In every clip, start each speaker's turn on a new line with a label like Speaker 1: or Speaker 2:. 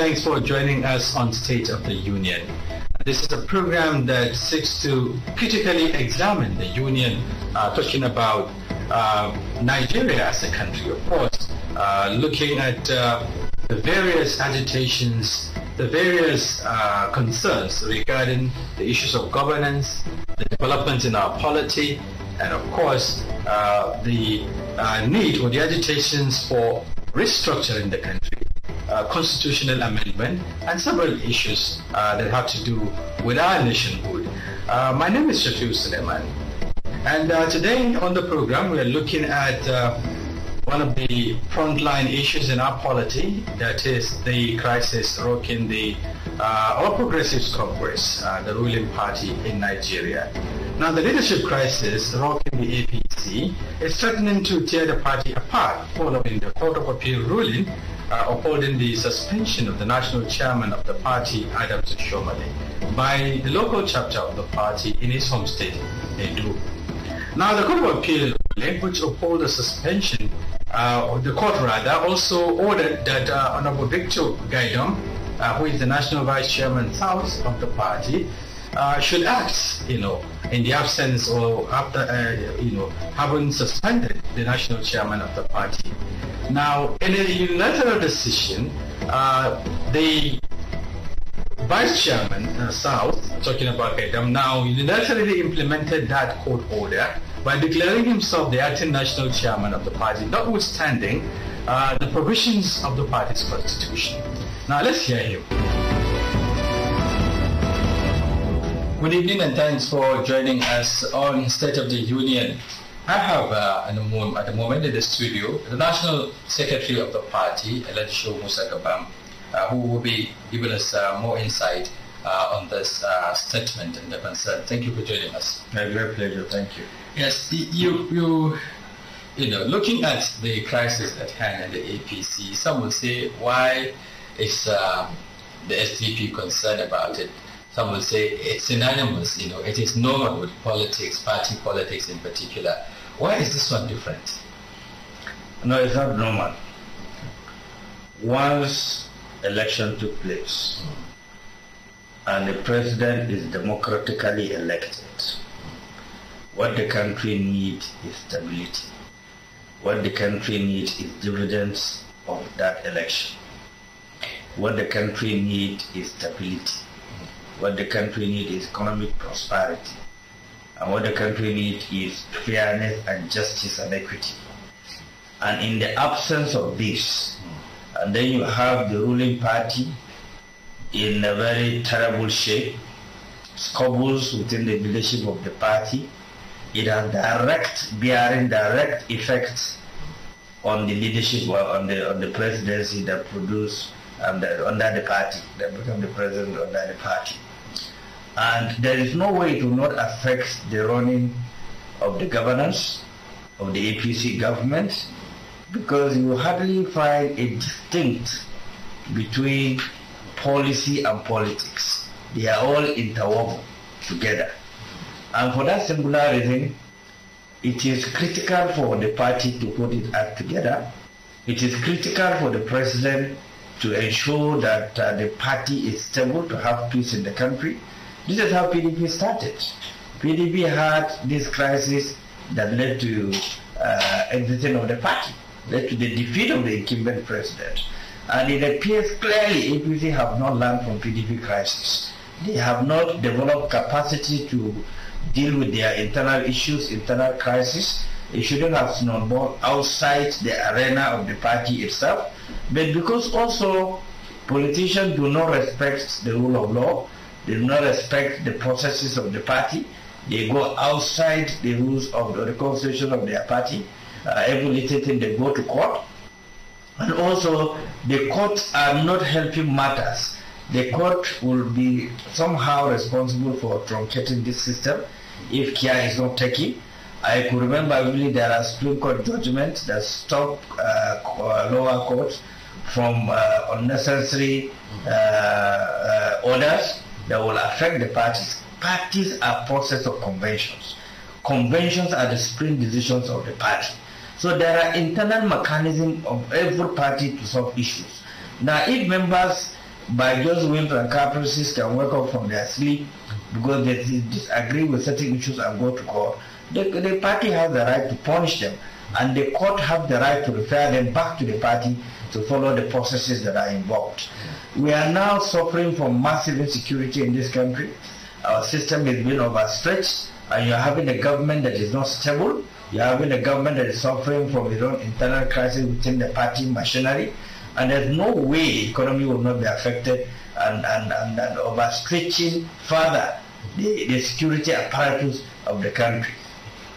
Speaker 1: thanks for joining us on State of the Union. This is a program that seeks to critically examine the Union, uh, talking about uh, Nigeria as a country, of course, uh, looking at uh, the various agitations, the various uh, concerns regarding the issues of governance, the developments in our polity, and of course, uh, the need or the agitations for restructuring the country uh, constitutional amendment and several issues uh, that have to do with our nationhood. Uh, my name is Shafiq Suleiman, and uh, today on the program we are looking at uh, one of the frontline issues in our polity, that is the crisis rocking the uh, All Progressives Congress, the ruling party in Nigeria. Now the leadership crisis rocking the APC is threatening to tear the party apart following the Court of Appeal ruling uh, upholding the suspension of the national chairman of the party, Adam Tushomale, by the local chapter of the party in his home state, Edo. Now, the Court of Appeal, which upheld the suspension, uh, the court rather, also ordered that uh, Honorable Victor Gaidom, uh, who is the national vice chairman south of the party, uh, should act, you know, in the absence or after, uh, you know, having suspended the national chairman of the party. Now, in a unilateral decision, uh, the vice chairman uh, South, talking about Adam, now unilaterally implemented that court order by declaring himself the acting national chairman of the party, notwithstanding uh, the provisions of the party's constitution. Now let's hear him. Good evening and thanks for joining us on State of the Union. I have uh, at the moment in the studio the National Secretary of the party, Elijah Musa Gabam, uh, who will be giving us uh, more insight uh, on this uh, statement and the concern. Thank you for joining us. My great
Speaker 2: pleasure. Thank you.
Speaker 1: Yes, you, you, you know, looking at the crisis at hand and the APC, some would say, why is uh, the SDP concerned about it? some will say it's synonymous, you know, it is normal with politics, party politics in particular. Why is this one different? No, it's
Speaker 2: not normal. Once election took place mm. and the president is democratically elected, what the country needs is stability. What the country needs is dividends of that election. What the country needs is stability what the country needs is economic prosperity. And what the country needs is fairness and justice and equity. And in the absence of this, and then you have the ruling party in a very terrible shape, squabbles within the leadership of the party. It has direct bearing direct effect on the leadership on the on the presidency that produce under, under the party that become the president under the party and there is no way to not affect the running of the governance of the APC government because you hardly find a distinct between policy and politics. They are all interwoven together. And for that singular reason, it is critical for the party to put its act together. It is critical for the president to ensure that uh, the party is stable to have peace in the country this is how PDP started. PDP had this crisis that led to uh, exiting of the party, led to the defeat of the incumbent president. And it appears clearly APC have not learned from PDP crisis. They have not developed capacity to deal with their internal issues, internal crisis. It shouldn't have snowballed outside the arena of the party itself. But because also politicians do not respect the rule of law, they do not respect the processes of the party. They go outside the rules of the, constitution of their party. Uh, every little thing they go to court. And also, the courts are not helping matters. The court will be somehow responsible for truncating this system if care is not taken. I could remember really there are Supreme Court judgments that stop uh, uh, lower courts from uh, unnecessary uh, uh orders that will affect the parties. Parties are process of conventions. Conventions are the supreme decisions of the party. So there are internal mechanisms of every party to solve issues. Now, if members by just whims and caprices can wake up from their sleep because they disagree with certain issues and go to court, the, the party has the right to punish them and the court have the right to refer them back to the party to follow the processes that are involved. We are now suffering from massive insecurity in this country. Our system is being overstretched and you're having a government that is not stable. You're having a government that is suffering from its own internal crisis within the party machinery. And there's no way the economy will not be affected and, and, and, and overstretching further the, the security apparatus of the
Speaker 1: country.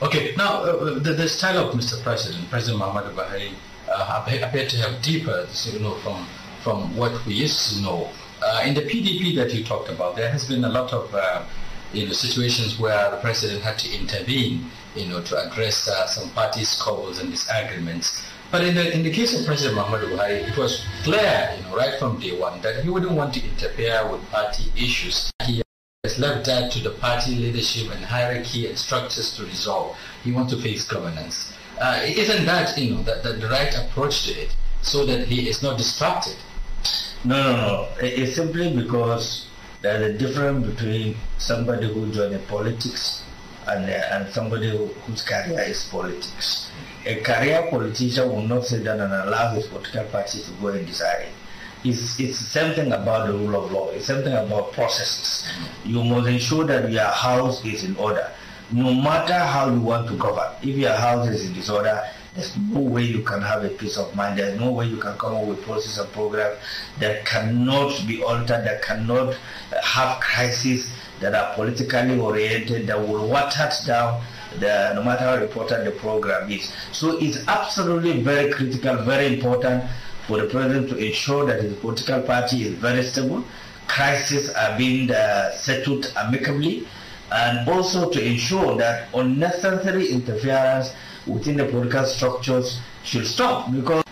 Speaker 1: Okay, now uh, uh the, the, style of Mr. President, President Muhammad Buhari, uh, appeared to have deeper, you from from what we used to know. Uh, in the PDP that you talked about, there has been a lot of uh, you know, situations where the president had to intervene you know, to address uh, some party squabbles and disagreements. But in the, in the case of President Muhammad Buhari, it was clear you know, right from day one that he wouldn't want to interfere with party issues. He has left that to the party leadership and hierarchy and structures to resolve. He wants to face governance. Uh, isn't that you know, that the, the right approach to it so that he is not distracted?
Speaker 2: No, no, no. It's simply because there's a difference between somebody who joins politics and, uh, and somebody who, whose career is politics. A career politician will not sit down and allow his political party to go and decide. It's, it's thing about the rule of law. It's something about processes. You must ensure that your house is in order. No matter how you want to govern, if your house is in disorder, there's no way you can have a peace of mind. There's no way you can come up with policies and programs that cannot be altered, that cannot have crises that are politically oriented, that will water down the, no matter how important the program is. So it's absolutely very critical, very important for the president to ensure that his political party is very stable, crises are being uh, settled amicably, and also to ensure that unnecessary interference within the political structures should stop because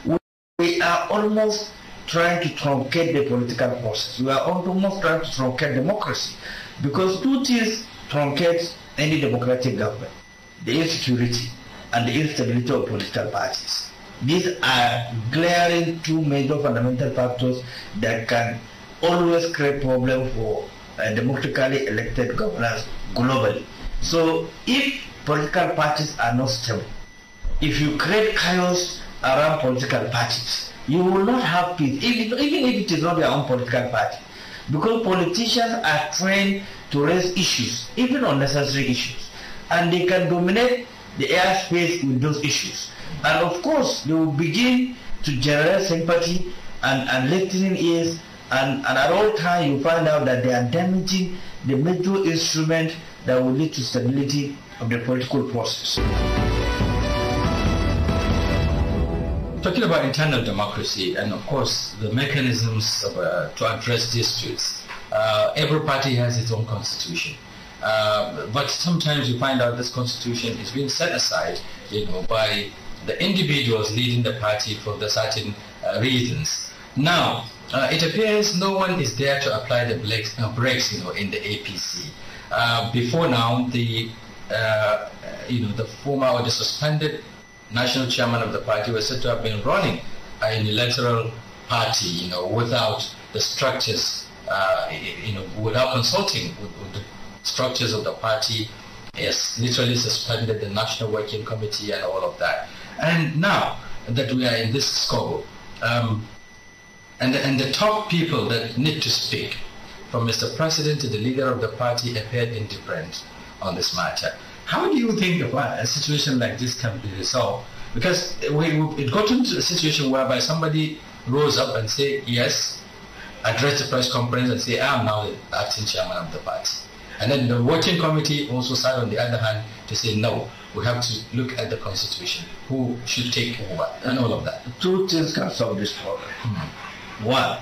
Speaker 2: we are almost trying to truncate the political process. We are almost trying to truncate democracy because two things truncate any democratic government the insecurity and the instability of political parties. These are glaring two major fundamental factors that can always create problems for uh, democratically elected governors globally. So if political parties are not stable, if you create chaos around political parties, you will not have peace, even, even if it is not your own political party. Because politicians are trained to raise issues, even unnecessary issues. And they can dominate the airspace with those issues. And of course, they will begin to generate sympathy and, and listening ears. And, and at all times, you find out that they are damaging the major instrument that will lead to stability of the political process.
Speaker 1: talking about internal democracy and, of course, the mechanisms of, uh, to address disputes, uh, every party has its own constitution. Uh, but sometimes you find out this constitution is being set aside, you know, by the individuals leading the party for the certain uh, reasons. Now, uh, it appears no one is there to apply the breaks, uh, breaks you know, in the APC. before now, the you know the former or the suspended national chairman of the party was said to have been running an electoral party, you know, without the structures, uh, you know, without consulting with, with the structures of the party, Yes, literally suspended the National Working Committee and all of that. And now that we are in this scope, um, and, and the top people that need to speak, from Mr. President to the leader of the party, appeared indifferent on this matter. How do you think a situation like this can be resolved? Because it got into a situation whereby somebody rose up and said, yes, address the press conference and say, I am now the acting chairman of the party. And then the working committee also sat on the other hand to say, no, we have to look at the constitution, who should take over, and all of that. Two
Speaker 2: things can solve this problem. Mm-hmm. One,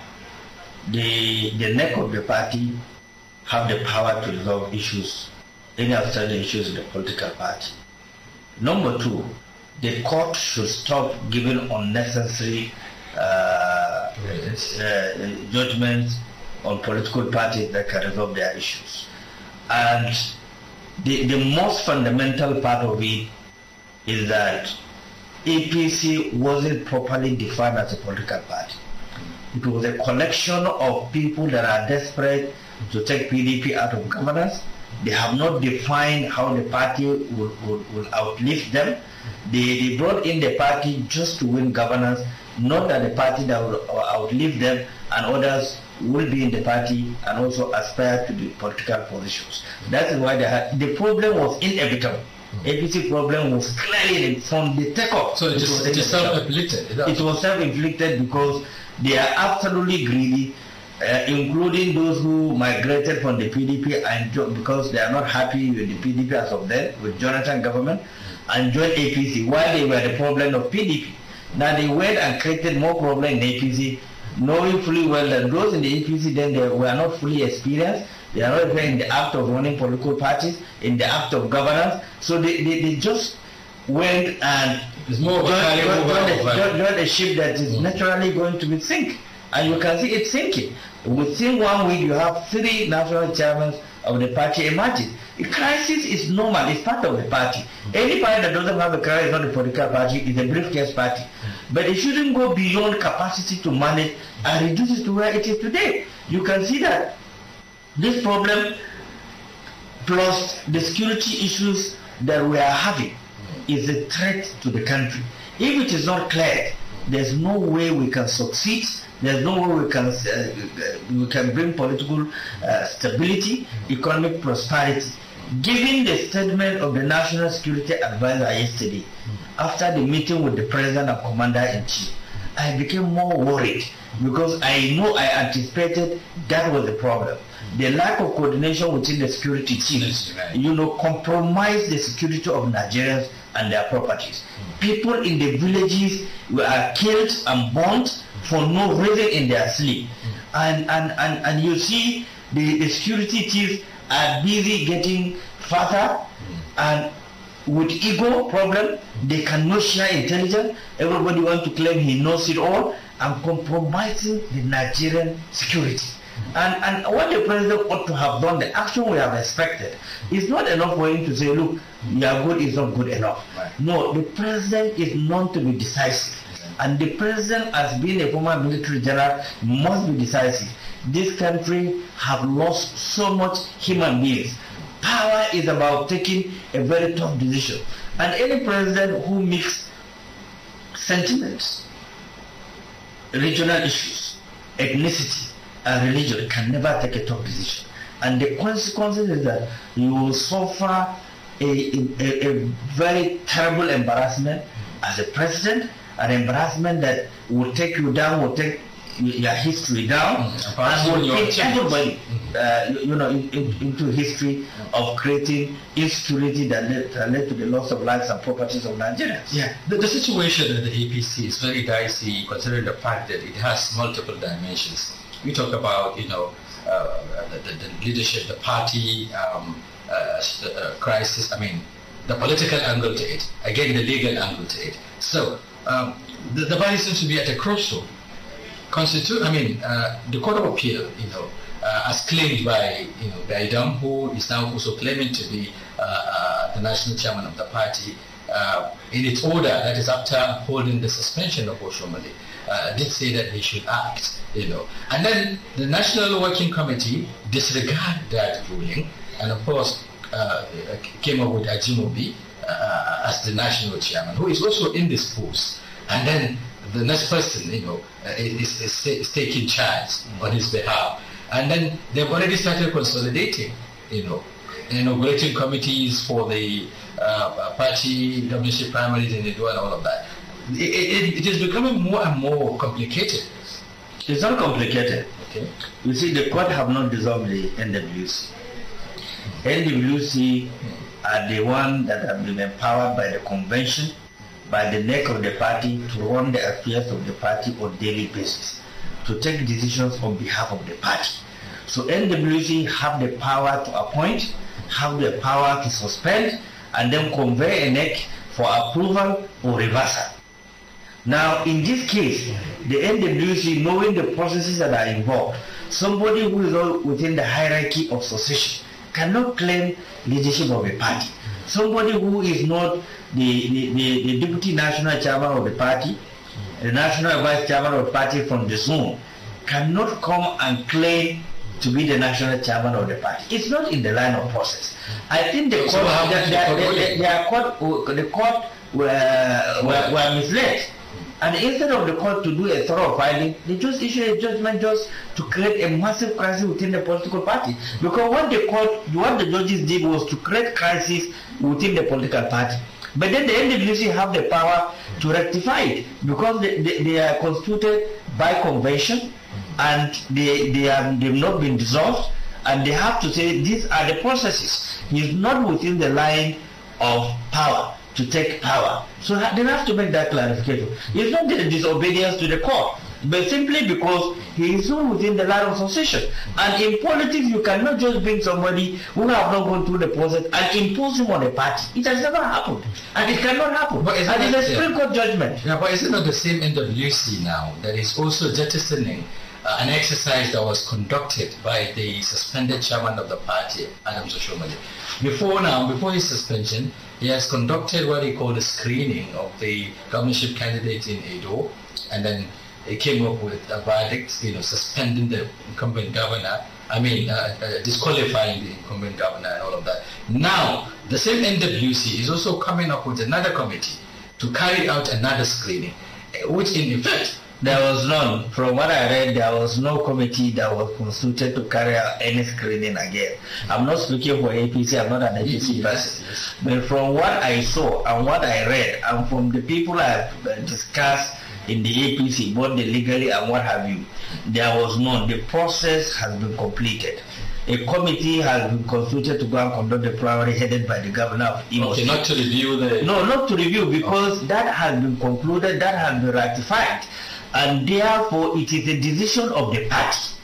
Speaker 2: the, the neck of the party have the power to resolve issues any outstanding the issues of the political party. Number two, the court should stop giving unnecessary uh, uh, judgments on political parties that can resolve their issues. And the, the most fundamental part of it is that APC wasn't properly defined as a political party. It was a collection of people that are desperate to take PDP out of governance they have not defined how the party will, will, will outlive them. They, they brought in the party just to win governance, not that the party that will uh, outlive them and others will be in the party and also aspire to the political positions. That's why had, the problem was inevitable. Hmm. ABC problem was clearly from the takeoff. So it, just, was, it was self-inflicted. It was self-inflicted because they are absolutely greedy uh, including those who migrated from the PDP and because they are not happy with the PDP as of then, with Jonathan government, and joined APC while they were the problem of PDP. Now they went and created more problem in APC, knowing fully well that those in the APC then they were not fully experienced. They are not in the act of running political parties, in the act of governance. So they, they, they just went and it's more joined, a, ship that is mm. naturally going to be sink and you can see it sinking. Within one week, you have three national chairmen of the party emerging. A crisis is normal, it's part of the party. Any party that doesn't have a crisis is not a political party, it's a briefcase party. But it shouldn't go beyond capacity to manage and reduce it to where it is today. You can see that this problem plus the security issues that we are having is a threat to the country. If it is not cleared, there's no way we can succeed there's no way we can uh, we can bring political uh, stability, economic prosperity. Given the statement of the National Security Advisor yesterday, after the meeting with the President and Commander in Chief, I became more worried because I know I anticipated that was the problem. The lack of coordination within the security teams, you know, compromised the security of Nigerians and their properties. Hmm. People in the villages were killed and burnt for no reason in their sleep. And, and, and, and you see the, the security chiefs are busy getting fatter and with ego problem, they cannot share intelligence. Everybody wants to claim he knows it all and compromising the Nigerian security. And, and what the president ought to have done, the action we have expected, is not enough for him to say, look, you are good, is not good enough. Right. No, the president is known to be decisive. and the president as being a former military general must be decisive. This country have lost so much human beings. Power is about taking a very tough decision. And any president who mixes sentiments, regional issues, ethnicity, and religion can never take a tough decision. And the consequences is that you will suffer a, a, a very terrible embarrassment as a president an embarrassment that will take you down, will take your history down, mm-hmm. and will put everybody, mm-hmm. uh, you know, in, in, into history of creating instability that led, that led, to the loss of lives and properties of Nigerians.
Speaker 1: Yeah, the, the situation in the APC is very dicey considering the fact that it has multiple dimensions. We talk about, you know, uh, the, the, leadership, the party um, uh, the, uh, crisis, I mean, the political angle to it, again, the legal angle to it. So uh, the, the body seems to be at a crossroad. Constitu- I mean, uh, the Court of Appeal, you know, uh, as claimed by, you know, by Idam, who is now also claiming to be uh, uh, the national chairman of the party, in its order, that is after upholding the suspension of Oshomale, did say that he should act, you know. And then the National Working Committee disregarded that ruling and, of course, came up with Ajimobi, uh, as the national chairman, who is also in this post, and then the next person, you know, uh, is, is, is taking charge on his behalf. And then they've already started consolidating, you know, inaugurating committees for the uh, party governorship primaries and they do all of that. It, it, it is becoming more and more complicated.
Speaker 2: It's not complicated. Okay. You see, the court have not dissolved the NWC. NWC are the ones that have been empowered by the convention, by the neck of the party to run the affairs of the party on daily basis, to take decisions on behalf of the party. So NWC have the power to appoint, have the power to suspend, and then convey a neck for approval or reversal. Now, in this case, the NWC, knowing the processes that are involved, somebody who is within the hierarchy of succession cannot claim leadership of a party. Somebody who is not the, the, the, the deputy national chairman of the party, the national vice chairman of the party from the zone, cannot come and claim to be the national chairman of the party. It's not in the line of process. I think the so court, the, the, the, the, court, the court were, were, were misled. And instead of the court to do a thorough filing, they just issued a judgment just to create a massive crisis within the political party. Because what the court, what the judges did was to create crisis within the political party. But then the NWC have the power to rectify it because they, they, they are constituted by convention and they, they, have, they have not been dissolved and they have to say these are the processes. It's not within the line of power to take power. So they have to make that clarification. It's not the disobedience to the court, but simply because he is not within the line of succession. And in politics, you cannot just bring somebody who have not gone through the process and impose him on a party. It has never happened, and it cannot happen. But and it's a Supreme Court judgment.
Speaker 1: Yeah, but isn't it the same NWC now that is also jettisoning? Uh, an exercise that was conducted by the suspended chairman of the party, Adam Soshomali. Before now, before his suspension, he has conducted what he called a screening of the governorship candidates in Edo, and then he came up with a verdict, you know, suspending the incumbent governor. I mean, uh, uh, disqualifying the incumbent governor and all of that. Now, the same NWC is
Speaker 2: also coming up with another committee to carry out another screening, which in effect there was none. From what I read, there was no committee that was consulted to carry out any screening again. I'm not speaking for APC, I'm not an APC person. Yes. But from what I saw and what I read, and from the people I've uh, discussed in the APC, both the legally and what have you, there was none. The process has been completed a committee has been consulted to go and conduct the primary headed by the governor of Imo. Okay, not to review the. No, not to review because okay. that has been concluded, that has been ratified and therefore it is the decision of the party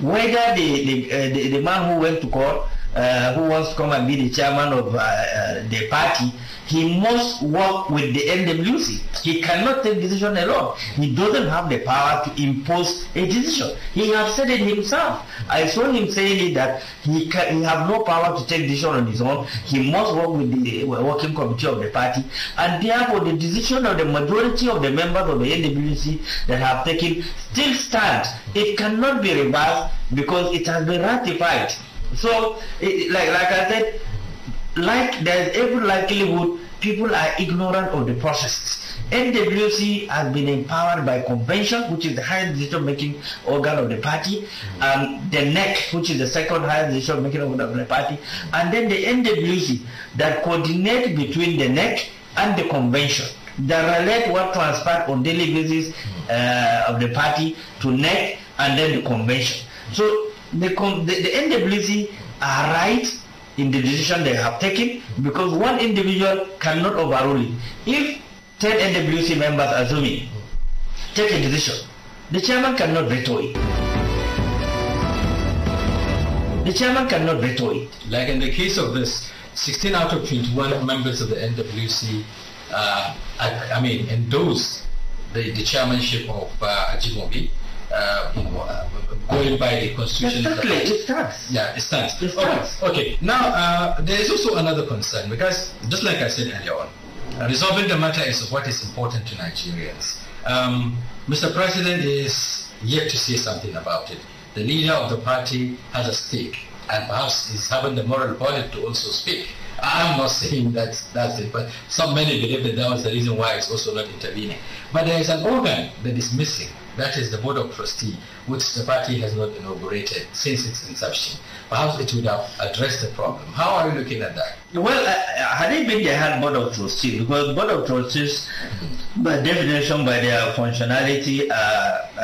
Speaker 2: whether the the, uh, the, the man who went to court uh, who wants to come and be the chairman of uh, uh the party he must work with the NWC. He cannot take decision alone. He doesn't have the power to impose a decision. He has said it himself. I saw him saying it that he can, he have no power to take decision on his own. He must work with the uh, working committee of the party, and therefore the decision of the majority of the members of the NWC that have taken still stands. It cannot be reversed because it has been ratified. So, it, like like I said, like there's every likelihood people are ignorant of the process. NWC has been empowered by convention, which is the highest decision-making organ of the party, and the NEC, which is the second highest decision-making organ of the party, and then the NWC that coordinate between the NEC and the convention The relate what transpired on daily basis uh, of the party to NEC and then the convention. So the, the, the NWC are right in the decision they have taken because one individual cannot overrule it. If 10 NWC members assuming take a decision, the chairman cannot veto it. The chairman cannot veto it. Like in the case of this, 16 out of 21 members
Speaker 1: of the NWC, uh, I, I, mean, endorsed the, the chairmanship of uh, Ajimobi going uh, uh, by the constitution. Exactly, it stands. Yeah, it stands. It stands. Okay. okay. Now, uh, there is also another concern because, just like I said earlier on, resolving the matter is what is important to Nigerians. Um, Mr. President is yet to say something about it. The leader of the party has a stake and perhaps is having the moral body to also speak. I'm not saying that that's it, but some many believe that that was the reason why it's also not intervening. But there is an organ that is missing that is the board of trustees, which the party has not inaugurated since its
Speaker 2: inception. Perhaps it would have addressed the problem. How are you looking at that? Well, uh, uh had it been the had board of trustees, because board of trustees, mm-hmm. by definition, by their functionality, are uh,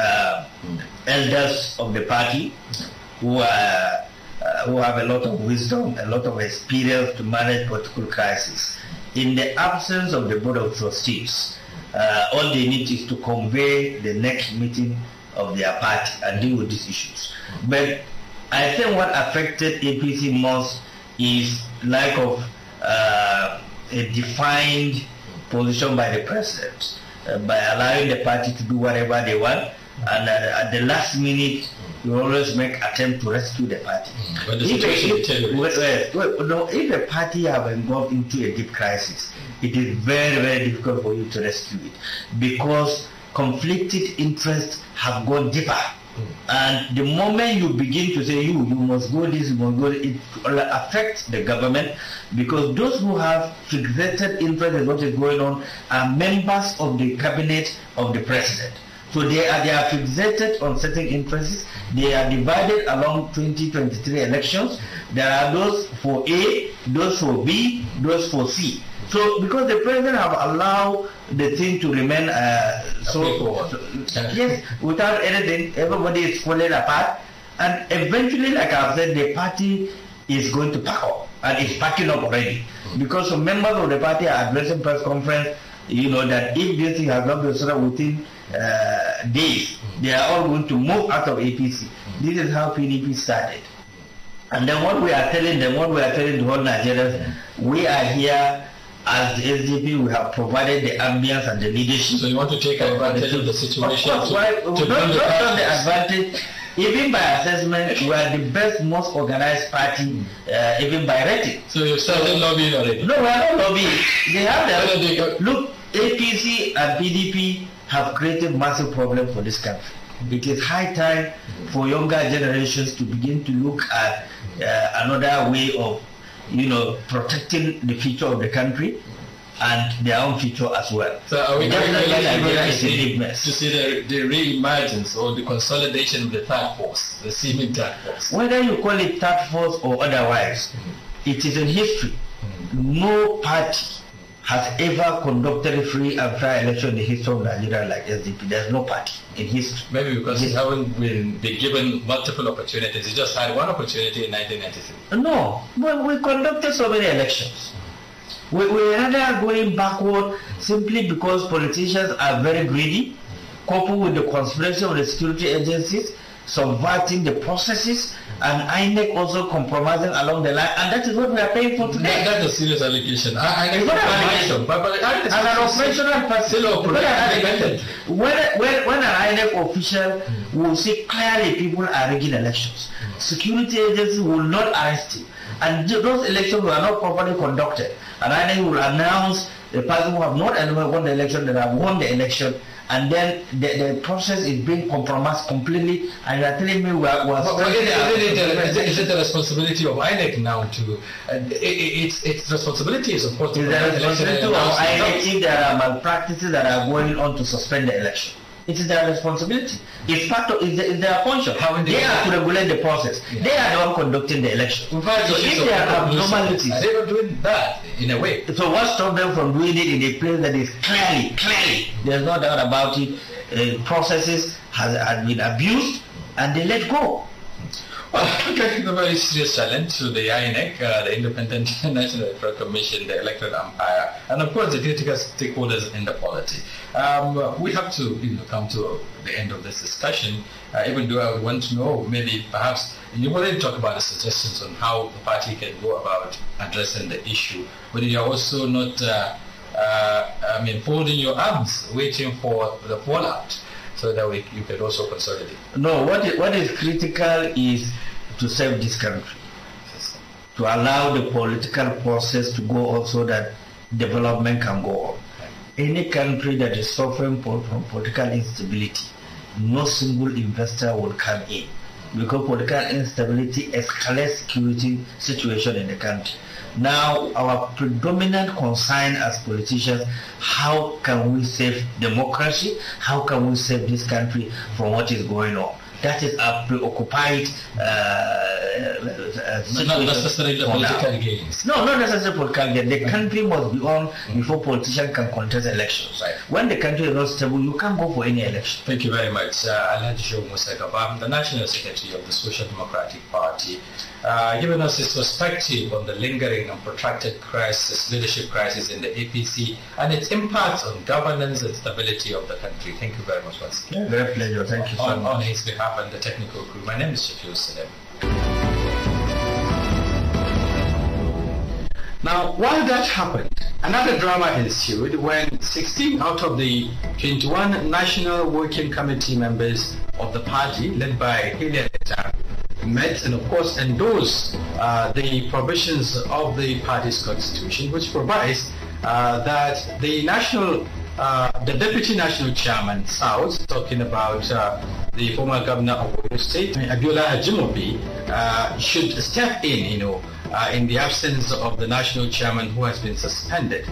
Speaker 2: uh, elders of the party who are uh, who have a lot of wisdom, a lot of experience to manage political crises. In the absence of the Board of Trustees, uh, all they need is to convey the next meeting of their party and deal with these issues. But I think what affected APC most is lack of uh, a defined position by the president uh, by allowing the party to do whatever they want and uh, at the last minute you always make attempt to rescue the party. Mm, but the if, a, if, well, well, no, if a party have involved into a deep crisis, it is very, very difficult for you to rescue it because conflicted interests have gone deeper. And the moment you begin to say, you, you must go this, you must go, it affects the government because those who have fixated interest in what is going on are members of the cabinet of the president. So they are, they are fixated on certain interests. They are divided along 2023 elections. There are those for A, those for B, those for C. So, because the president have allowed the thing to remain uh, so, so, yes, without anything, everybody is falling apart, and eventually, like I've said, the party is going to pack up, and it's packing up already, hmm. because members of the party are addressing press conference, you know, that if this thing has not been settled within uh, days, hmm. they are all going to move out of APC. Hmm. This is how PDP started. And then what we are telling them, what we are telling the whole Nigerians, we are here as the SDP, we have provided the ambience and the leadership. So you want to take advantage of the situation? Of course, to, why, to not, not the advantage. Even by assessment, we are the best, most organized party, uh, even by rating. So you are started lobbying already? No, we are not lobbying. They have their... Look, APC and PDP have created massive problem for this country. It is high time for younger generations to begin to look at uh, another way of you know, protecting the future of the country and their own future as well. So are we going to see To
Speaker 1: see
Speaker 2: the, the re-emergence or the consolidation of the third force, the seeming third force? Whether you call it third force or otherwise, mm -hmm. it is in history. Mm -hmm. No party has ever conducted a free and fair election in the history of Nigeria like SDP. There's no party in history. Maybe because he haven't been,
Speaker 1: been, given multiple opportunities. He just had one opportunity in 1993.
Speaker 2: No, we conducted so many elections. We, we are going backward simply because politicians are very greedy, coupled with the conspiracy of the security agencies subverting the processes and INEC also compromising along the line and that is what we are paying for today. No, that's a serious allegation. I, I it's not an allegation. But, but as an operational person, when, when, when an INEC official will see clearly people are rigging elections, security agencies will not arrest him. And those elections were not properly conducted. And INEC will announce the person who have not won the election that have won the election and then the, the process is being compromised completely and you are telling me we are, is, it,
Speaker 1: is, it the responsibility of INEC now to uh, it, it's, its responsibility is of course is the responsibility of INEC if
Speaker 2: there are malpractices that are going on to suspend the election it is their responsibility. It's part of it's, it's their function. How they, they are to regulate the process. Yeah. They are the one conducting the election. In fact, so if they are abnormalities, they are doing that in a way. So what stops them from doing it in a place that is clearly, clearly, there's no doubt about it. Uh, processes has, has been abused, and they let go. Uh, talking
Speaker 1: very serious challenge to the INEC, uh, the Independent National Electoral Commission, the Electoral umpire, and of course the critical stakeholders in the polity. Um, we have to you know, come to the end of this discussion, uh, even though I want to know maybe perhaps you to talk about the suggestions on how the party can go about addressing the issue, but you are also not, uh, uh, I mean, folding your arms, waiting for the fallout so that we, you can also consolidate?
Speaker 2: No, what is, what is critical is to save this country, to allow the political process to go on so that development can go on. Any country that is suffering from political instability, no single investor will come in because political instability escalates security situation in the country. Now, our predominant concern as politicians, how can we save democracy? How can we save this country from what is going on? That is our preoccupied. Uh, so not necessarily political gains. No, not necessarily political gains. The country must be on before politicians can contest elections. Right. When the country is not stable, you can't go for any election.
Speaker 1: Thank you very much, uh, Alhaji Joe Musagaba. I'm the National Secretary of the Social Democratic Party uh, given us his perspective on the lingering and protracted crisis, leadership crisis in the APC and its impact on governance and stability of the country. Thank you very much once again.
Speaker 2: Yeah, pleasure. Thank you so on, much.
Speaker 1: On his behalf and the technical crew, my name is Shafiu Salem.
Speaker 2: Now, while that happened,
Speaker 1: another drama ensued when 16 out of the 21 National Working Committee members of the party, led by Hilliard met and of course endorsed uh, the provisions of the party's constitution which provides uh, that the national uh, the deputy national chairman South talking about uh, the former governor of Oyo State Abiola Ajimobi uh, should step in you know uh, in the absence of the national chairman who has been suspended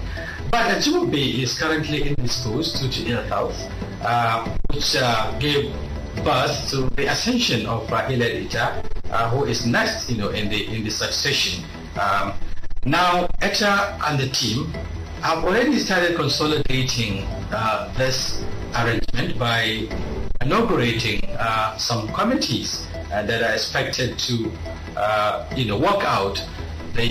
Speaker 1: but Ajimobi is currently indisposed due to ill health which gave but to the ascension of uh, Hillary Ita, uh, who is next, you know, in the in the succession. Um, now, Etta and the team have already started consolidating uh, this arrangement by inaugurating uh, some committees uh, that are expected to, uh, you know, work out the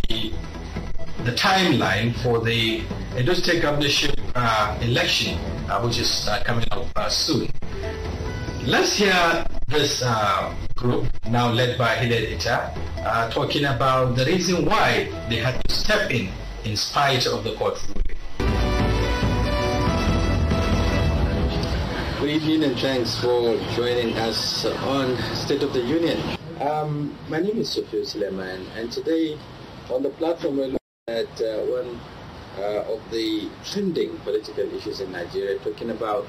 Speaker 1: the timeline for the Industry Governorship uh, election, which is coming up soon. Let's hear this uh, group, now led by Hilal Ita, uh, talking about the reason why they had to step in in spite of the court ruling. Good evening and thanks for joining us on State of the Union. Um, my name is Sophia Suleiman and today on the platform we're looking at uh, one uh, of the trending political issues in Nigeria, talking about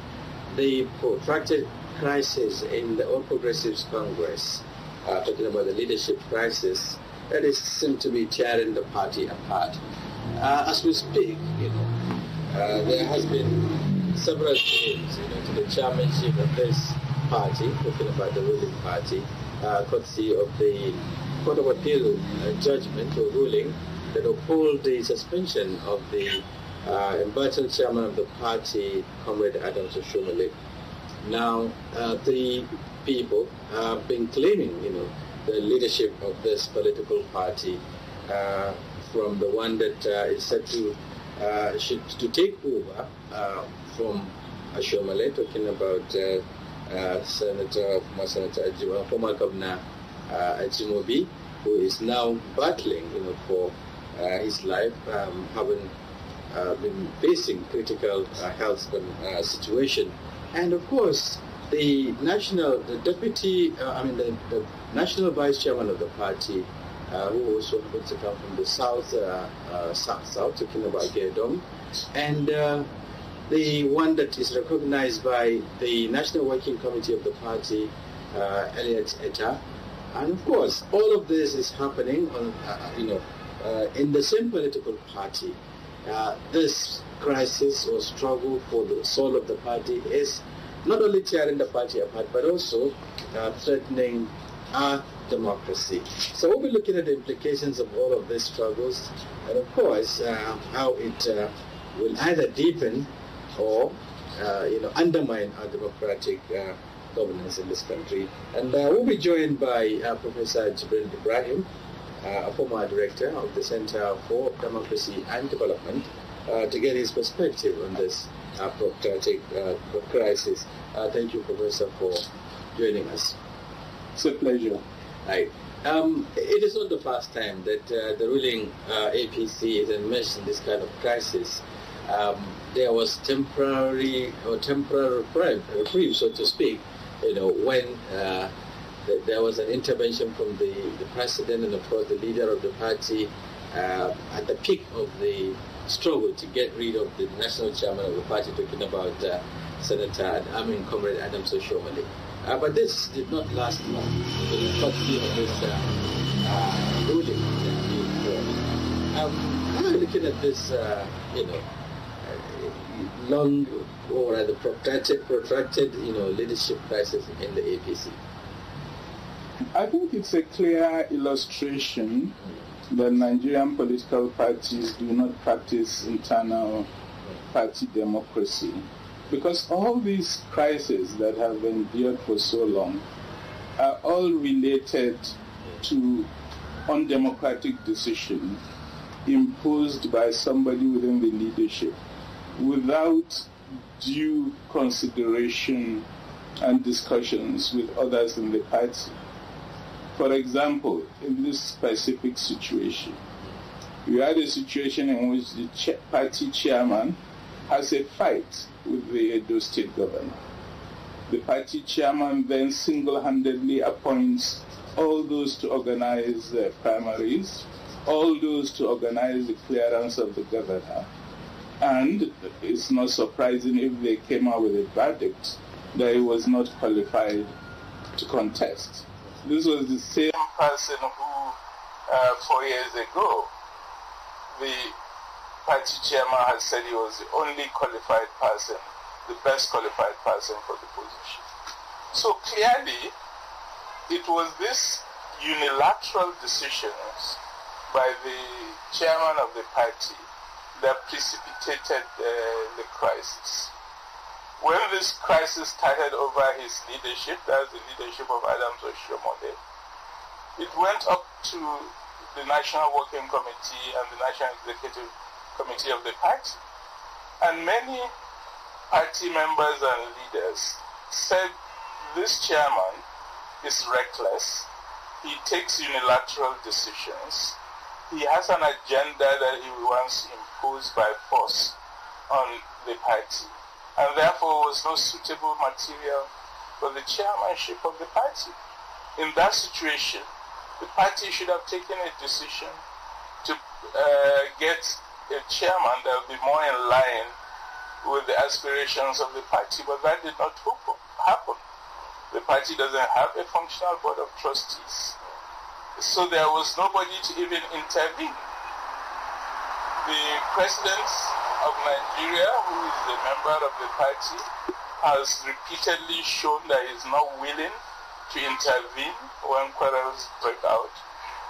Speaker 1: the protracted crisis in the All Progressives Congress, uh, talking about the leadership crisis, that is seems to be tearing the party apart. Uh, as we speak, you know, uh, there has been several changes, you know, to the chairmanship of this party, talking about the ruling party, uh, courtesy of the Court of Appeal uh, judgment or ruling that upheld the suspension of the uh, Burton chairman of the party, Comrade Adams Shumalik, now, uh, three people have been claiming, you know, the leadership of this political party, uh, from the one that uh, is said to uh, should to take over uh, from Ashomale, talking about uh, Senator former Senator Ajima, former Governor Ajimobi, who is now battling, you know, for his life, um, having been facing critical health um, situation and of course, the national, the deputy, uh, I mean, the, the, national vice chairman of the party, uh, who also happens to come from the south, uh, uh south, south, talking about Gedong, and uh, the one that is recognized by the National Working Committee of the party, uh, Elliot Etta. And of course, all of this is happening, on, you know, in the same political party. this crisis or struggle for the soul of the party is not only tearing the party apart, but also uh, threatening our democracy. So we'll be looking at the implications of all of these struggles and, of course, uh, how it uh, will either deepen or, uh, you know, undermine our democratic uh, governance in this country. And uh, we'll be joined by Professor Jibril Ibrahim, a former director of the Center for Democracy and Development uh, to get his perspective on this apoptotic uh, crisis. Uh, thank you, Professor, for joining us. It's a pleasure. Right. Um, it is not the first time that uh, the ruling uh, APC is enmeshed in this kind of crisis. Um, there was temporary or temporary reprieve, so to speak, you know, when uh, th there was an intervention from the, the president and of course the leader of the party uh, at the peak of the struggled to get rid of the national chairman of the party, talking about uh, Senator, I mean, Comrade Adam Soshomali. Uh, but this did not last long. The custody of this uh, uh, ruling uh, um, I'm looking at this, uh, you know, long or rather protracted, protracted, you know, leadership
Speaker 3: crisis in the APC. I think it's a clear illustration mm the Nigerian political parties do not practice internal party democracy. Because all these crises that have endured for so long are all related to undemocratic decisions imposed by somebody within the leadership without due consideration and discussions with others in the party. For example, in this specific situation, we had a situation in which the party chairman has a fight with the Edo state governor. The party chairman then single-handedly appoints all those to organize the primaries, all those to organize the clearance of the governor. And it's not surprising if they came out with a verdict that he was not qualified to contest. This was the same person who, uh, four years ago, the party chairman had said he was the only qualified person, the best qualified person for the position. So clearly, it was this unilateral decisions by the chairman of the party that precipitated uh, the crisis. When this crisis started over his leadership, that's the leadership of Adams Oshomode, it went up to the National Working Committee and the National Executive Committee of the party. And many party members and leaders said this chairman is reckless. He takes unilateral decisions. He has an agenda that he wants imposed by force on the party and therefore was no suitable material for the chairmanship of the party. In that situation, the party should have taken a decision to uh, get a chairman that would be more in line with the aspirations of the party, but that did not happen. The party doesn't have a functional board of trustees, so there was nobody to even intervene. The president's of Nigeria, who is a member of the party, has repeatedly shown that he is not willing to intervene when quarrels break out.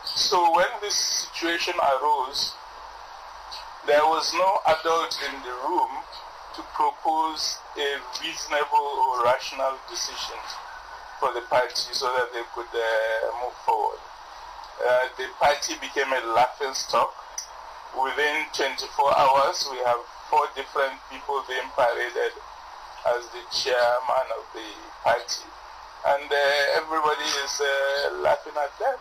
Speaker 3: So when this situation arose, there was no adult in the room to propose a reasonable or rational decision for the party so that they could uh, move forward. Uh, the party became a laughing stock Within 24 hours, we have four different people being paraded as the chairman of the party. And uh, everybody is uh, laughing at them.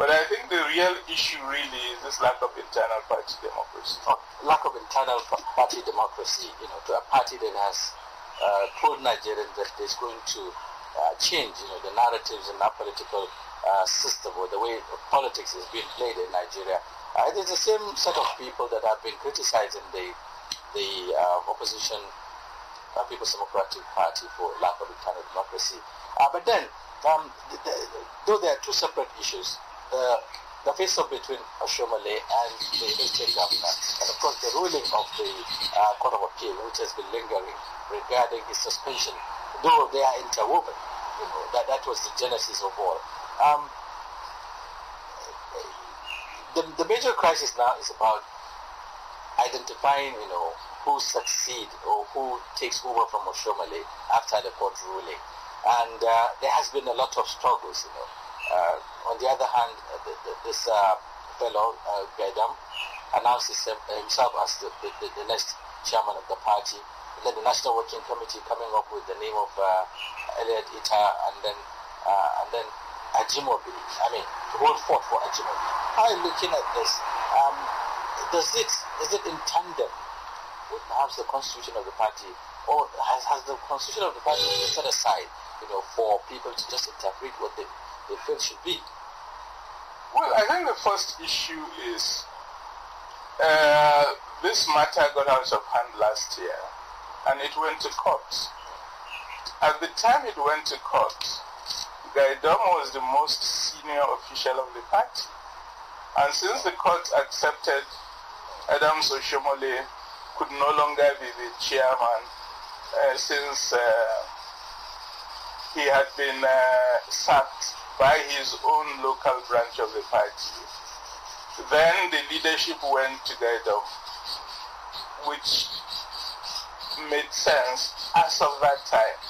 Speaker 3: But I think the real issue really is this lack of internal party democracy. Oh, lack of internal
Speaker 1: party democracy, you know, to a party that has uh, told Nigerians that it's going to uh, change, you know, the narratives in our political uh, system or the way politics is being played in Nigeria uh, it's the same set of people that have been criticizing the the uh, opposition uh, People's Democratic Party for lack of internal democracy. Uh, but then, um, the, the, though there are two separate issues, the the face-off between Ashomale and the state government, and of course the ruling of the uh, Court of Appeal, which has been lingering regarding his suspension, though they are interwoven. You know, that, that was the genesis of all. Um, the, the major crisis now is about identifying, you know, who succeed or who takes over from Oshomale after the court ruling. And uh, there has been a lot of struggles, you know. Uh, on the other hand, uh, the, the, this uh, fellow, uh, Gaidam, announced uh, himself as the, the, next chairman of the party. And then the National Working Committee coming up with the name of uh, Elliot Ita and then, and then Ajimobili. I mean, the for fought for Ajimobili. How are looking at this? Um, does it, is it in tandem with perhaps the constitution of the party, or has, has the constitution of the party been set aside,
Speaker 3: you know, for people to just interpret what they, they feel should be? Well, I think the first issue is uh, this matter got out of hand last year, and it went to court. At the time it went to court, Gaidam was the most senior official of the party. And since the court accepted Adams Oshomole could no longer be the chairman uh, since uh, he had been uh, sacked by his own local branch of the party. Then the leadership went to Gaidam, which made sense as of that time.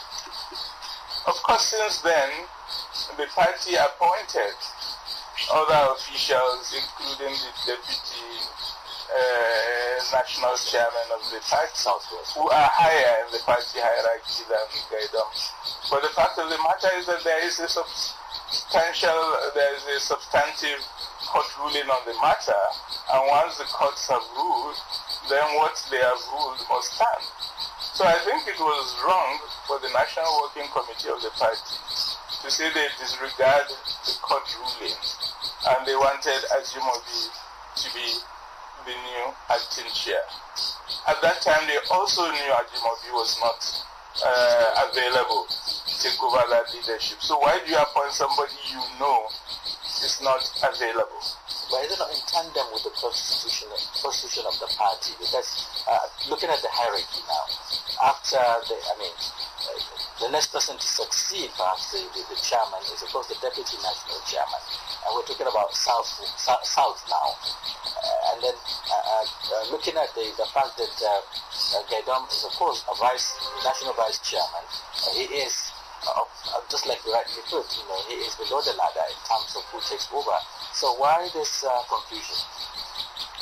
Speaker 3: Of course, since then, the party appointed other officials, including the deputy uh, national chairman of the party, who are higher in the party hierarchy than Gaidam. But the fact of the matter is that there is a substantial, there is a substantive court ruling on the matter, and once the courts have ruled, then what they have ruled must stand. So I think it was wrong for the National Working Committee of the party to say they disregard the court ruling and they wanted Ajimobi to be the new acting chair. At that time, they also knew Ajimobi was not uh, available to take over that leadership. So why do you appoint somebody you know is not available? but I don't know, in tandem with the constitution, constitution of the party, because uh,
Speaker 1: looking at the hierarchy now, after the, I mean, uh, the next person to succeed, perhaps the, the, the, chairman, is of course the deputy national chairman, and we're talking about South South, south now, uh, and then uh, uh, uh, looking at the, the fact that uh, Gaidam is of course a vice national vice chairman, he is. just like rightly put, you know, he is below the ladder in terms of who takes over so
Speaker 3: why this uh, confusion?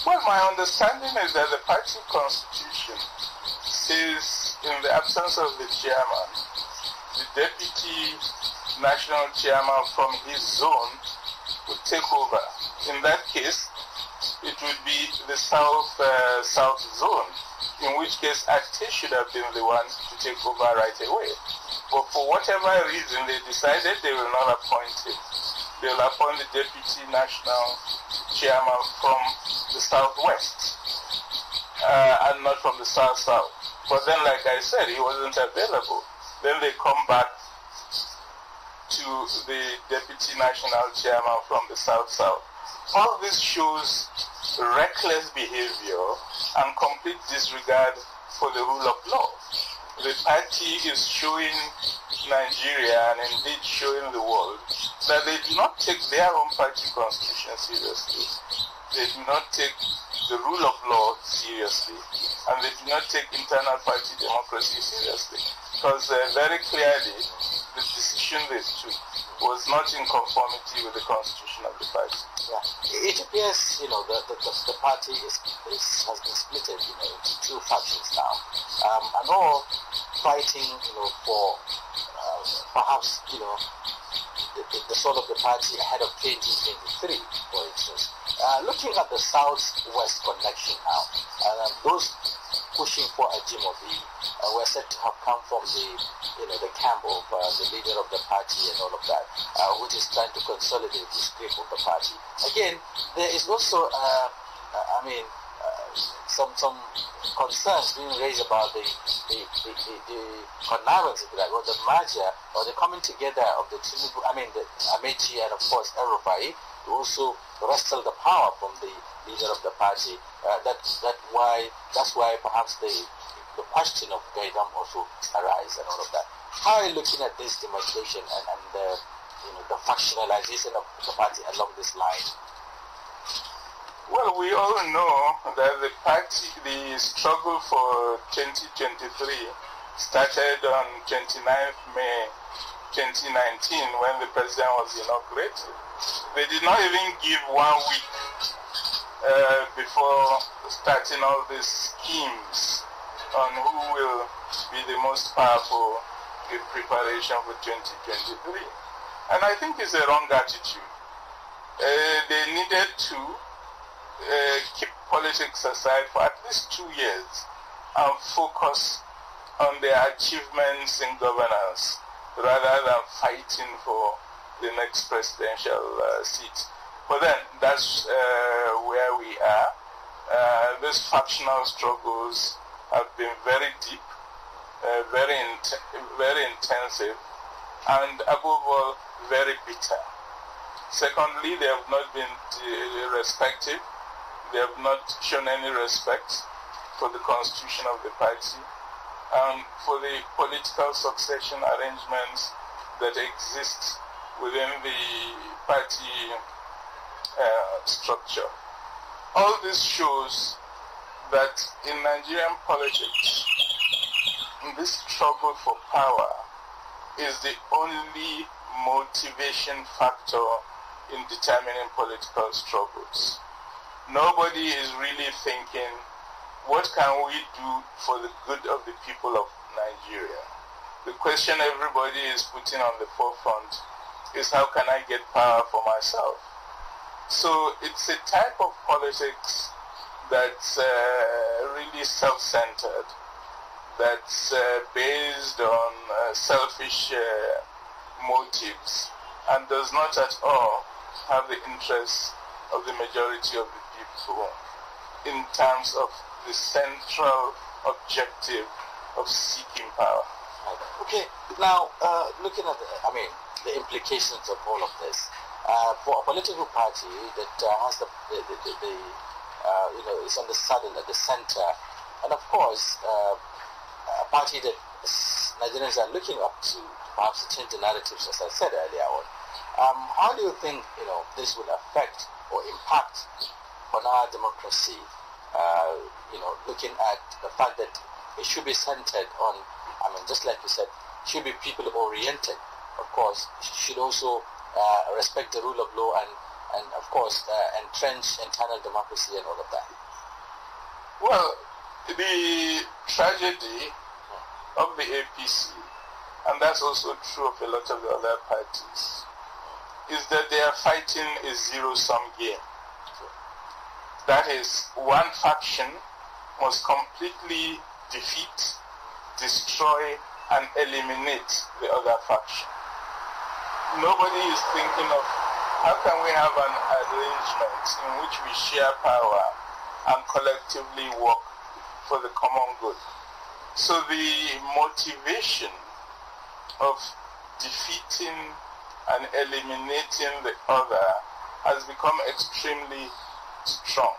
Speaker 3: Well, my understanding is that the party constitution says in the absence of the chairman, the deputy national chairman from his zone would take over. In that case, it would be the South uh, South Zone, in which case Acte should have been the one to take over right away. But for whatever reason, they decided they will not appoint him they'll appoint the deputy national chairman from the southwest uh, and not from the south south. But then, like I said, he wasn't available. Then they come back to the deputy national chairman from the south south. All this shows reckless behavior and complete disregard for the rule of law the party is showing Nigeria and indeed showing the world that they do not take their own party constitution seriously. They do not take the rule of law seriously. And they do not take internal party democracy seriously. Because uh, very
Speaker 1: clearly, the decision they took was not in conformity with the constitution of the party. Yeah. It appears, you know, that the, the party is, is, has been split you know, into two factions now. Um, and all fighting, you know, for um, perhaps, you know, the, the, the, sort of the party ahead of 2023, for instance. Uh, looking at the South-West connection now, um, those pushing for a Jimobi uh, were said to have come from the, you know, the camp of uh, the leader of the party and all of that, uh, which is trying to consolidate his grip on the party. Again, there is also, uh, uh, I mean, some some concerns being raised about the the, the, the, the connivance, if like, or the merger or the coming together of the I mean the Amechi and of course Erufai, who also wrestle the power from the leader of the party. Uh, that that why that's why perhaps the the question of Gaidam also arise and all of that. How are you looking at this demonstration and, and the, you know, the factionalization of the party along this line?
Speaker 3: Well, we all know that the party, the struggle for 2023 started on 29th May 2019 when the president was inaugurated. They did not even give one week uh, before starting all these schemes on who will be the most powerful in preparation for 2023. And I think it's a wrong attitude. Uh, they needed to uh, keep politics aside for at least two years and focus on their achievements in governance rather than fighting for the next presidential uh, seat. But then that's uh, where we are. Uh, these factional struggles have been very deep, uh, very, very intensive, and above all, very bitter. Secondly, they have not been uh, respected they have not shown any respect for the constitution of the party, um, for the political succession arrangements that exist within the party uh, structure. All this shows that in Nigerian politics, this struggle for power is the only motivation factor in determining political struggles nobody is really thinking, what can we do for the good of the people of Nigeria? The question everybody is putting on the forefront is how can I get power for myself? So it's a type of politics that's uh, really self-centered, that's uh, based on uh, selfish uh, motives and does not at all have the interests of the majority of the before in terms of the central objective of seeking power. Okay, now uh, looking
Speaker 1: at, the, I mean, the implications of all of this, uh, for a political party that uh, has the, the, the, the uh, you know, is on the saddle at the center, and of course, uh, a party that Nigerians are looking up to, perhaps to change the narratives, as I said earlier on. Um, how do you think, you know, this will affect or impact on our democracy, uh, you know, looking at the fact that it should be centered on, I mean, just like you said, should be people-oriented, of course, should also uh, respect the rule of law and, and of course,
Speaker 3: uh, entrench internal democracy and all of that. Well, the tragedy of the APC, and that's also true of a lot of the other parties, is that they are fighting a zero-sum game. That is, one faction must completely defeat, destroy, and eliminate the other faction. Nobody is thinking of how can we have an arrangement in which we share power and collectively work for the common good. So the motivation of defeating and eliminating the other has become extremely strong.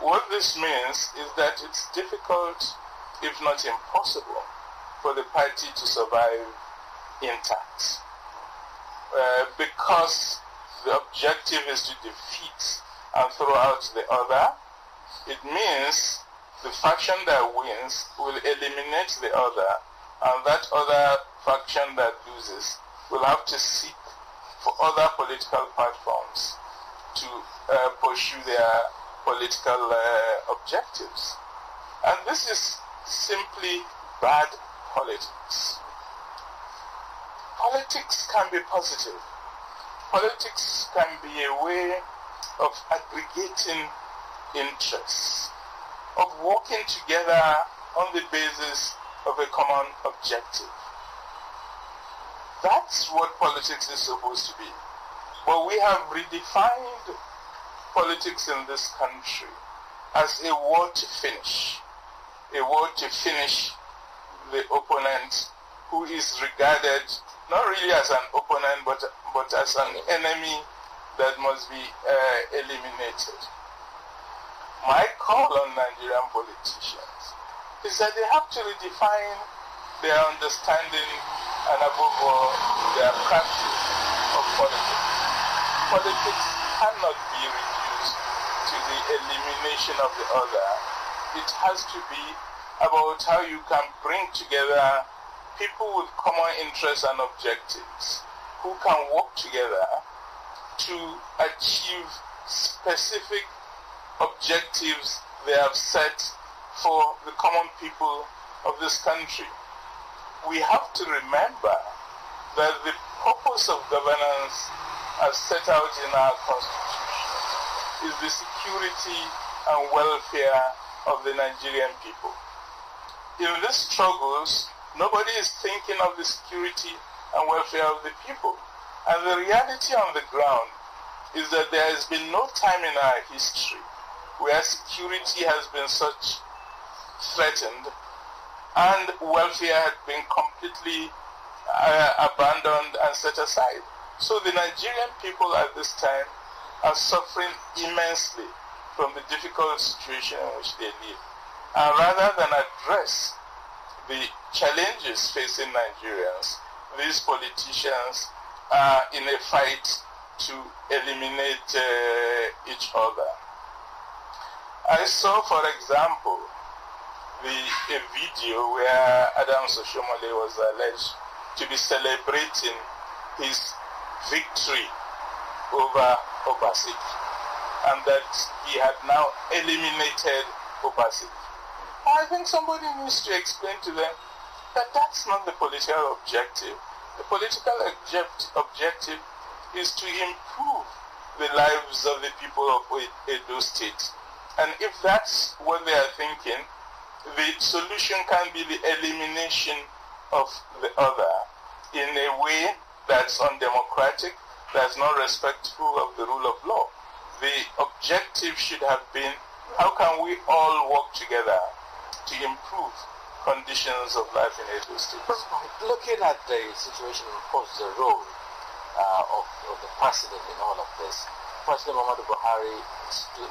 Speaker 3: What this means is that it's difficult, if not impossible, for the party to survive intact. Uh, because the objective is to defeat and throw out the other, it means the faction that wins will eliminate the other, and that other faction that loses will have to seek for other political platforms to uh, pursue their political uh, objectives. And this is simply bad politics. Politics can be positive. Politics can be a way of aggregating interests, of working together on the basis of a common objective. That's what politics is supposed to be. But we have redefined politics in this country as a war to finish, a war to finish the opponent who is regarded not really as an opponent but, but as an enemy that must be uh, eliminated. My call on Nigerian politicians is that they have to redefine their understanding and above all their practice of politics politics cannot be reduced to the elimination of the other. It has to be about how you can bring together people with common interests and objectives who can work together to achieve specific objectives they have set for the common people of this country. We have to remember that the purpose of governance as set out in our Constitution, is the security and welfare of the Nigerian people. In these struggles, nobody is thinking of the security and welfare of the people. And the reality on the ground is that there has been no time in our history where security has been such threatened and welfare had been completely uh, abandoned and set aside. So the Nigerian people at this time are suffering immensely from the difficult situation in which they live. And rather than address the challenges facing Nigerians, these politicians are in a fight to eliminate uh, each other. I saw, for example, the, a video where Adam Soshomole was alleged to be celebrating his victory over Obaseki and that he had now eliminated Obaseki. I think somebody needs to explain to them that that's not the political objective. The political object- objective is to improve the lives of the people of Edo State. And if that's what they are thinking, the solution can be the elimination of the other in a way that's undemocratic, that's not respectful of the rule of law. The objective should have been how can we all work together to improve conditions of life in Edo State? Looking at the situation
Speaker 1: and of course the role uh, of, of the president in all of this, President Muhammadu Buhari,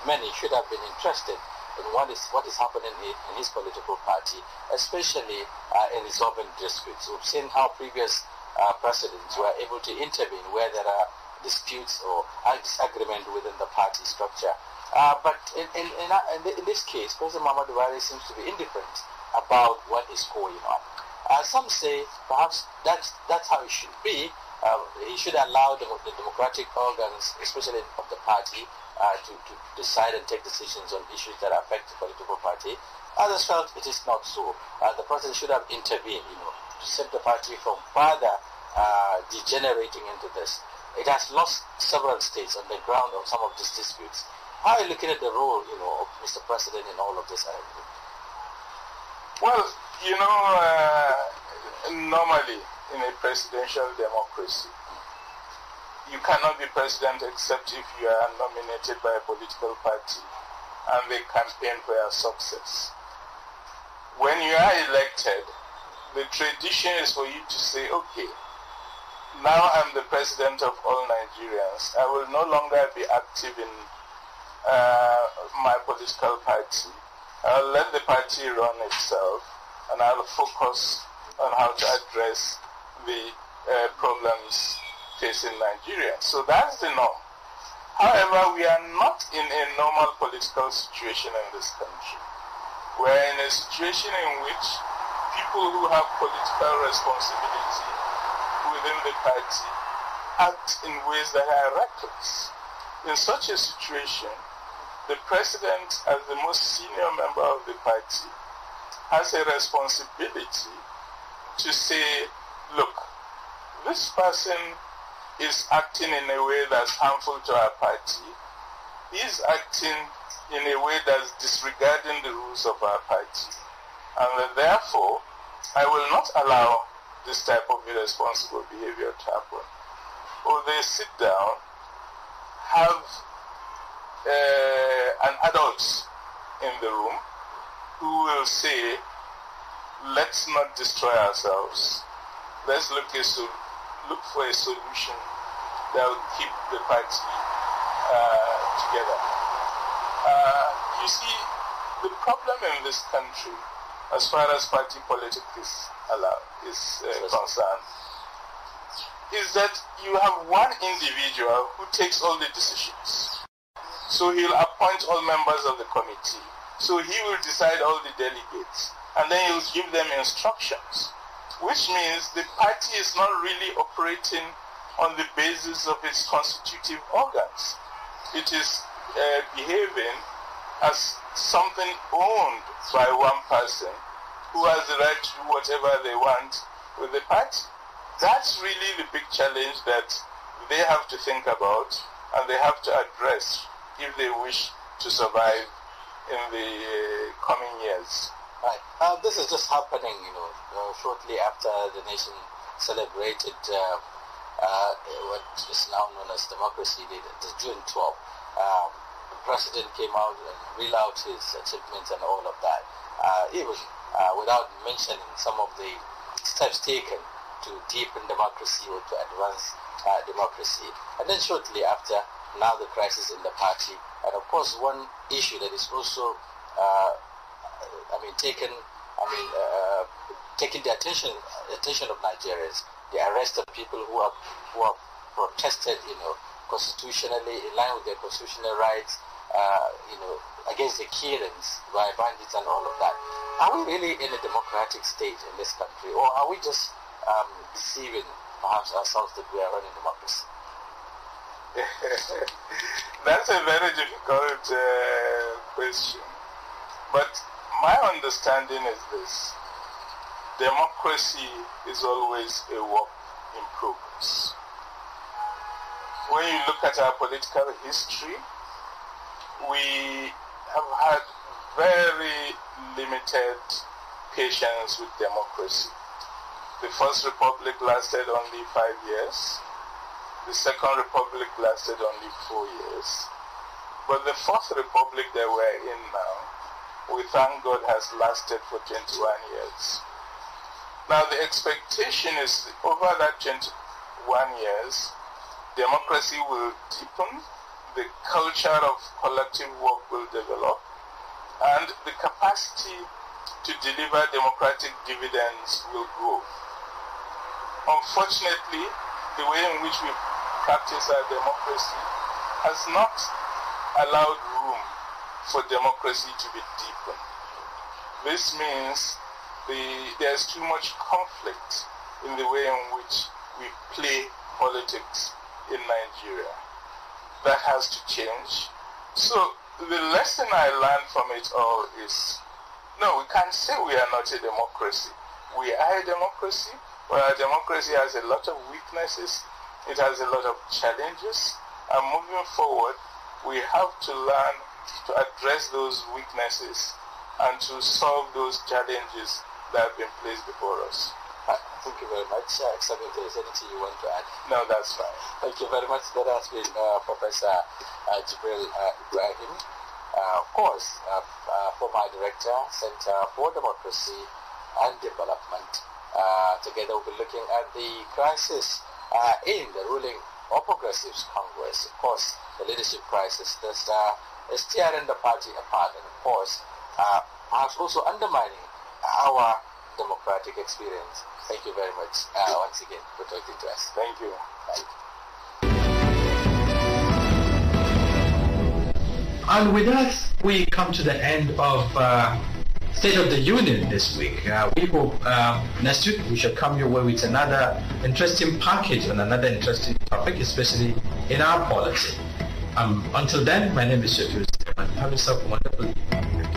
Speaker 1: many should have been interested in what is what is happening in, in his political party, especially uh, in his urban districts. We've seen how previous uh, presidents were able to intervene where there are disputes or disagreement within the party structure. Uh, but in, in, in, uh, in, this case, President Muhammad Buhari seems to be indifferent about what is going on. Uh, some say perhaps that's, that's how it should be. Uh, he should allow the, the, democratic organs, especially of the party, uh, to, to decide and take decisions on issues that affect the political party. Others felt it is not so. Uh, the president should have intervened, you know party from further uh, degenerating into this. It has lost several states on the ground of some of these
Speaker 3: disputes. How are you looking at the role, you know, of Mr. President in all of this? Well, you know, uh, normally in a presidential democracy, you cannot be president except if you are nominated by a political party and they campaign for your success. When you are elected, the tradition is for you to say, okay, now I'm the president of all Nigerians. I will no longer be active in uh, my political party. I'll let the party run itself and I'll focus on how to address the uh, problems facing Nigeria. So that's the norm. However, we are not in a normal political situation in this country. We're in a situation in which people who have political responsibility within the party act in ways that are reckless. In such a situation, the president, as the most senior member of the party, has a responsibility to say, look, this person is acting in a way that's harmful to our party. He's acting in a way that's disregarding the rules of our party. And therefore, I will not allow this type of irresponsible behavior to happen. Or they sit down, have uh, an adult in the room who will say, let's not destroy ourselves. Let's look, a, look for a solution that will keep the party uh, together. Uh, you see, the problem in this country as far as party politics is, allowed, is uh, concerned, is that you have one individual who takes all the decisions. So he'll appoint all members of the committee. So he will decide all the delegates, and then he'll give them instructions, which means the party is not really operating on the basis of its constitutive organs. It is uh, behaving as something owned by one person who has the right to do whatever they want with the party. That's really the big challenge that they have to think about and they have to address if they wish to survive in the uh, coming years. Right.
Speaker 1: Uh, this is just happening, you know, uh, shortly after the nation celebrated uh, uh, what is now known as Democracy Day, the June 12th. Um, president came out and reel out his achievements and all of that, uh, even uh, without mentioning some of the steps taken to deepen democracy or to advance uh, democracy. And then shortly after, now the crisis in the party. And of course, one issue that is also, uh, I mean, taken, I mean, uh, uh, taking the attention attention of Nigerians, the arrest of people who have who have protested, you know, constitutionally in line with their constitutional rights uh, you know, against the killings by bandits and all of that. Are we really in a democratic state in this country, or are we just um, deceiving perhaps
Speaker 3: ourselves that we are running democracy? That's a very difficult uh, question. But my understanding is this. Democracy is always a work in progress. When you look at our political history, we have had very limited patience with democracy. The First Republic lasted only five years. The Second Republic lasted only four years. But the Fourth Republic that we're in now, we thank God has lasted for 21 years. Now the expectation is over that 21 years, democracy will deepen, the culture of collective work will develop and the capacity to deliver democratic dividends will grow. Unfortunately, the way in which we practice our democracy has not allowed room for democracy to be deepened. This means the, there's too much conflict in the way in which we play politics in Nigeria that has to change. So the lesson I learned from it all is, no, we can't say we are not a democracy. We are a democracy, but our democracy has a lot of weaknesses. It has a lot of challenges. And moving forward, we have to learn to address those weaknesses and to solve those challenges that have been placed before us thank you very much. Uh, except if there is anything
Speaker 1: you want to add. No, that's fine. Thank you very much. That has been uh, Professor uh, Jibril uh, Ibrahim, uh, of course, uh, former director, Center for Democracy and Development. together we'll be looking at the crisis in the ruling or Congress. Of course, the leadership crisis that's uh, is tearing the party apart and, of course, uh, also undermining our democratic experience. Thank you very much uh, once again for talking to us. Thank you. Bye. And with that, we come to the end of uh, State of the Union this week. Uh, we hope uh, next week we shall come your way with another interesting package and another interesting topic, especially in our policy. Um, until then, my name is Sheffield Have yourself a wonderful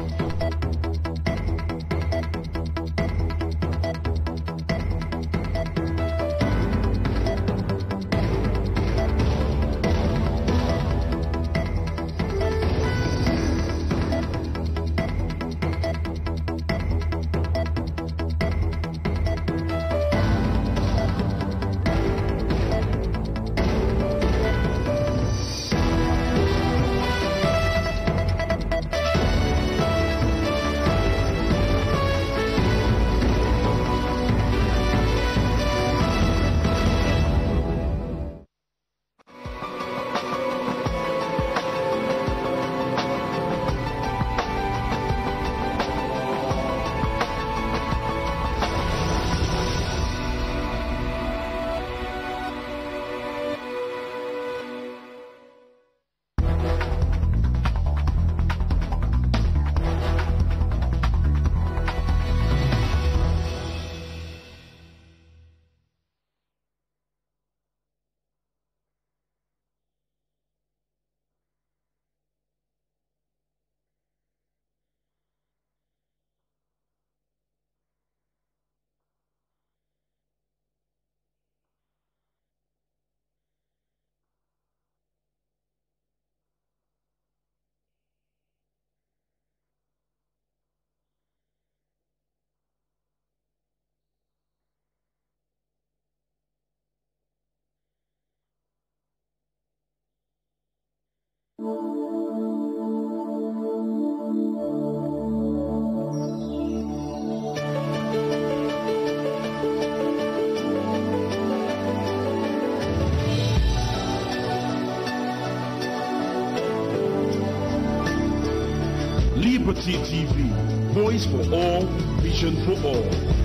Speaker 3: Liberty TV, voice for all, vision for all.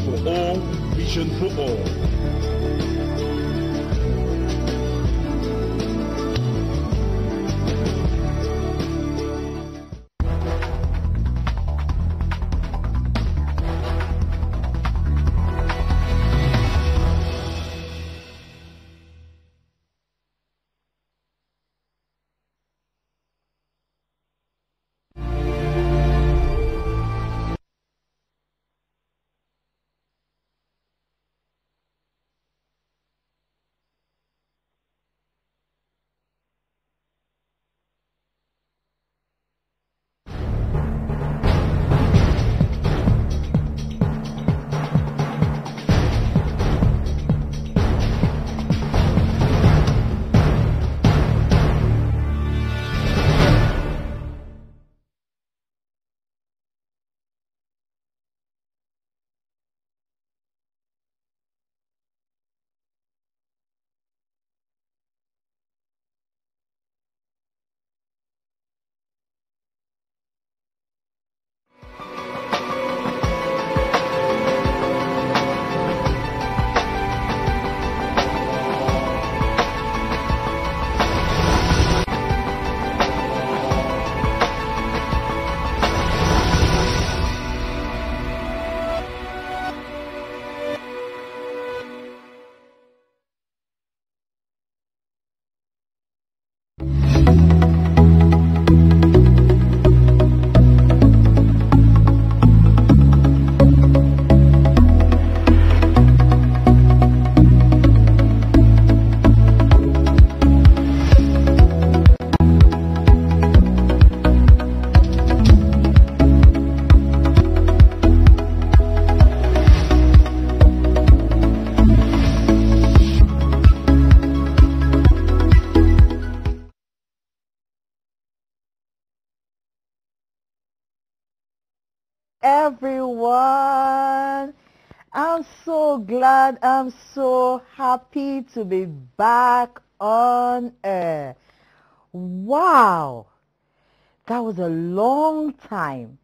Speaker 3: for all, vision for all.
Speaker 2: everyone. I'm so glad, I'm so happy to be back on air. Wow, that was a long time.